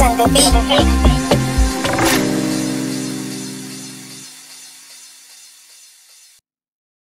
and the beat.